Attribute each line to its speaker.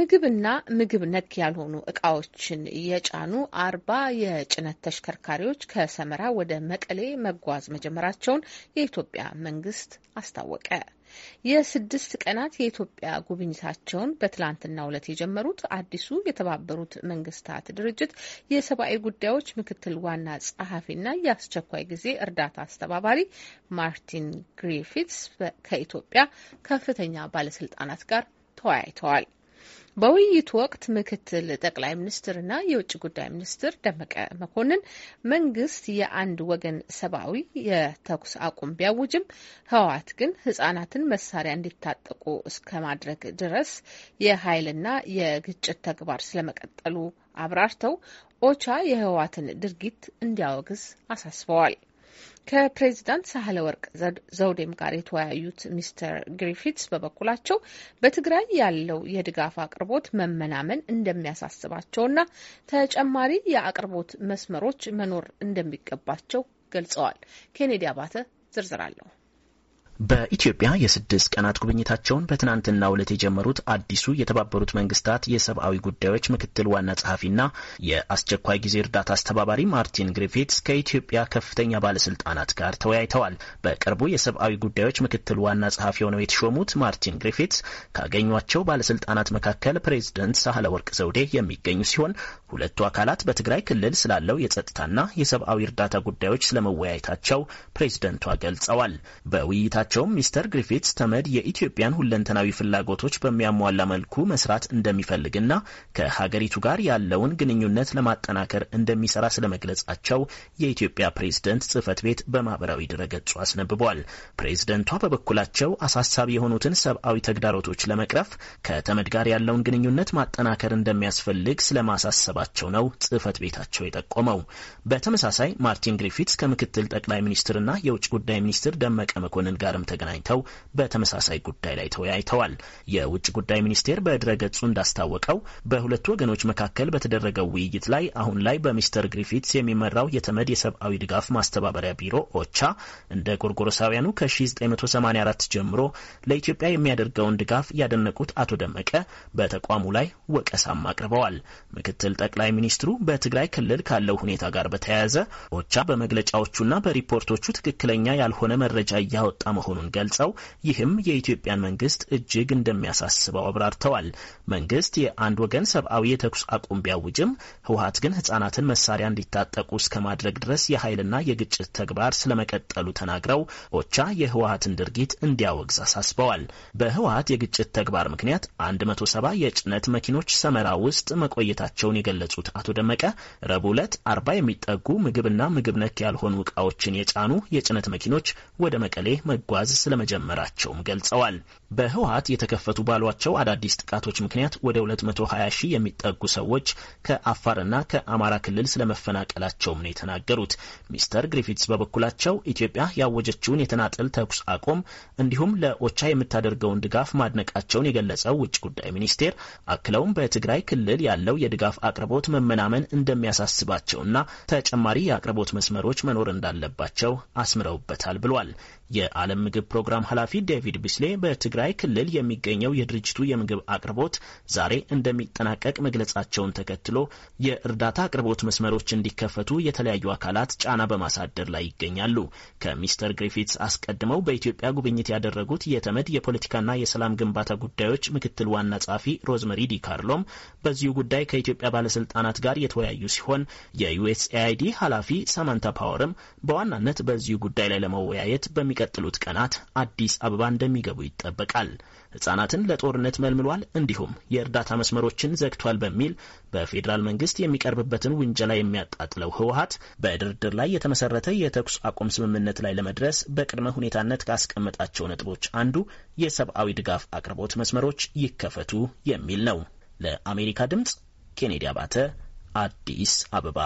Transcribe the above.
Speaker 1: ምግብና ምግብ ነክ ያልሆኑ እቃዎችን የጫኑ አርባ የጭነት ተሽከርካሪዎች ከሰመራ ወደ መቀሌ መጓዝ መጀመራቸውን የኢትዮጵያ መንግስት አስታወቀ። የስድስት ቀናት የኢትዮጵያ ጉብኝታቸውን በትላንትና ዕለት የጀመሩት አዲሱ የተባበሩት መንግስታት ድርጅት የሰብአዊ ጉዳዮች ምክትል ዋና ጸሐፊና የአስቸኳይ ጊዜ እርዳታ አስተባባሪ ማርቲን ግሪፊትስ ከኢትዮጵያ ከፍተኛ ባለስልጣናት ጋር ተወያይተዋል። በውይይቱ ወቅት ምክትል ጠቅላይ ሚኒስትርና የውጭ ጉዳይ ሚኒስትር ደመቀ መኮንን መንግስት የአንድ ወገን ሰብአዊ የተኩስ አቁም ቢያውጅም ህወሓት ግን ህጻናትን መሳሪያ እንዲታጠቁ እስከ ማድረግ ድረስ የኃይልና የግጭት ተግባር ስለመቀጠሉ አብራርተው ኦቻ የህወሓትን ድርጊት እንዲያወግዝ አሳስበዋል። ከፕሬዚዳንት ሳህለ ወርቅ ዘውዴም ጋር የተወያዩት ሚስተር ግሪፊትስ በበኩላቸው በትግራይ ያለው የድጋፍ አቅርቦት መመናመን እንደሚያሳስባቸውና ተጨማሪ የአቅርቦት መስመሮች መኖር እንደሚገባቸው ገልጸዋል። ኬኔዲ አባተ ዝርዝር አለሁ
Speaker 2: በኢትዮጵያ የስድስት ቀናት ጉብኝታቸውን በትናንትናው ዕለት የጀመሩት አዲሱ የተባበሩት መንግስታት የሰብአዊ ጉዳዮች ምክትል ዋና ጸሐፊና የአስቸኳይ ጊዜ እርዳታ አስተባባሪ ማርቲን ግሪፊትስ ከኢትዮጵያ ከፍተኛ ባለስልጣናት ጋር ተወያይተዋል። በቅርቡ የሰብአዊ ጉዳዮች ምክትል ዋና ጸሐፊ ሆነው የተሾሙት ማርቲን ግሪፊትስ ካገኟቸው ባለስልጣናት መካከል ፕሬዚደንት ሳህለወርቅ ዘውዴ የሚገኙ ሲሆን ሁለቱ አካላት በትግራይ ክልል ስላለው የጸጥታና የሰብአዊ እርዳታ ጉዳዮች ስለመወያየታቸው ፕሬዚደንቷ ገልጸዋል። በውይይታ በመግለጻቸውም ሚስተር ግሪፊትስ ተመድ የኢትዮጵያን ሁለንተናዊ ፍላጎቶች በሚያሟላ መልኩ መስራት እንደሚፈልግና ከሀገሪቱ ጋር ያለውን ግንኙነት ለማጠናከር እንደሚሰራ ስለመግለጻቸው የኢትዮጵያ ፕሬዝደንት ጽህፈት ቤት በማህበራዊ ድረገጹ አስነብቧል። ፕሬዝደንቷ በበኩላቸው አሳሳቢ የሆኑትን ሰብአዊ ተግዳሮቶች ለመቅረፍ ከተመድ ጋር ያለውን ግንኙነት ማጠናከር እንደሚያስፈልግ ስለማሳሰባቸው ነው ጽህፈት ቤታቸው የጠቆመው። በተመሳሳይ ማርቲን ግሪፊትስ ከምክትል ጠቅላይ ሚኒስትርና የውጭ ጉዳይ ሚኒስትር ደመቀ መኮንን ጋር ጋርም ተገናኝተው በተመሳሳይ ጉዳይ ላይ ተወያይተዋል። የውጭ ጉዳይ ሚኒስቴር በድረገጹ እንዳስታወቀው በሁለቱ ወገኖች መካከል በተደረገው ውይይት ላይ አሁን ላይ በሚስተር ግሪፊትስ የሚመራው የተመድ የሰብአዊ ድጋፍ ማስተባበሪያ ቢሮ ኦቻ እንደ ጎርጎሮሳውያኑ ከ1984 ጀምሮ ለኢትዮጵያ የሚያደርገውን ድጋፍ ያደነቁት አቶ ደመቀ በተቋሙ ላይ ወቀሳም አቅርበዋል። ምክትል ጠቅላይ ሚኒስትሩ በትግራይ ክልል ካለው ሁኔታ ጋር በተያያዘ ኦቻ በመግለጫዎቹና በሪፖርቶቹ ትክክለኛ ያልሆነ መረጃ እያወጣ መሆኑ መሆኑን ገልጸው ይህም የኢትዮጵያን መንግስት እጅግ እንደሚያሳስበው አብራርተዋል። መንግስት የአንድ ወገን ሰብአዊ የተኩስ አቁም ቢያውጅም ህወሀት ግን ህጻናትን መሳሪያ እንዲታጠቁ እስከ ማድረግ ድረስ የኃይልና የግጭት ተግባር ስለመቀጠሉ ተናግረው ኦቻ የህወሀትን ድርጊት እንዲያወግዝ አሳስበዋል። በህወሀት የግጭት ተግባር ምክንያት 170 የጭነት መኪኖች ሰመራ ውስጥ መቆየታቸውን የገለጹት አቶ ደመቀ ረቡዕ ዕለት 40 የሚጠጉ ምግብና ምግብ ነክ ያልሆኑ ዕቃዎችን የጫኑ የጭነት መኪኖች ወደ መቀሌ መጓዝ መጓዝ ስለመጀመራቸውም ገልጸዋል። በህወሀት የተከፈቱ ባሏቸው አዳዲስ ጥቃቶች ምክንያት ወደ 220 ሺህ የሚጠጉ ሰዎች ከአፋርና ከአማራ ክልል ስለመፈናቀላቸውም ነው የተናገሩት። ሚስተር ግሪፊትስ በበኩላቸው ኢትዮጵያ ያወጀችውን የተናጠል ተኩስ አቁም እንዲሁም ለኦቻ የምታደርገውን ድጋፍ ማድነቃቸውን የገለጸው ውጭ ጉዳይ ሚኒስቴር አክለውም በትግራይ ክልል ያለው የድጋፍ አቅርቦት መመናመን እንደሚያሳስባቸውና ተጨማሪ የአቅርቦት መስመሮች መኖር እንዳለባቸው አስምረውበታል ብሏል። የዓለም ምግብ ፕሮግራም ኃላፊ ዴቪድ ቢስሌ በትግራይ ክልል የሚገኘው የድርጅቱ የምግብ አቅርቦት ዛሬ እንደሚጠናቀቅ መግለጻቸውን ተከትሎ የእርዳታ አቅርቦት መስመሮች እንዲከፈቱ የተለያዩ አካላት ጫና በማሳደር ላይ ይገኛሉ። ከሚስተር ግሪፊትስ አስቀድመው በኢትዮጵያ ጉብኝት ያደረጉት የተመድ የፖለቲካና የሰላም ግንባታ ጉዳዮች ምክትል ዋና ጸሐፊ ሮዝመሪ ዲ ካርሎም በዚሁ ጉዳይ ከኢትዮጵያ ባለስልጣናት ጋር የተወያዩ ሲሆን የዩኤስኤአይዲ ኃላፊ ሳማንታ ፓወርም በዋናነት በዚሁ ጉዳይ ላይ ለመወያየት በሚ በሚቀጥሉት ቀናት አዲስ አበባ እንደሚገቡ ይጠበቃል። ህጻናትን ለጦርነት መልምሏል፣ እንዲሁም የእርዳታ መስመሮችን ዘግቷል በሚል በፌዴራል መንግስት የሚቀርብበትን ውንጀላ የሚያጣጥለው ህወሀት በድርድር ላይ የተመሰረተ የተኩስ አቁም ስምምነት ላይ ለመድረስ በቅድመ ሁኔታነት ካስቀመጣቸው ነጥቦች አንዱ የሰብአዊ ድጋፍ አቅርቦት መስመሮች ይከፈቱ የሚል ነው። ለአሜሪካ ድምፅ ኬኔዲ አባተ አዲስ አበባ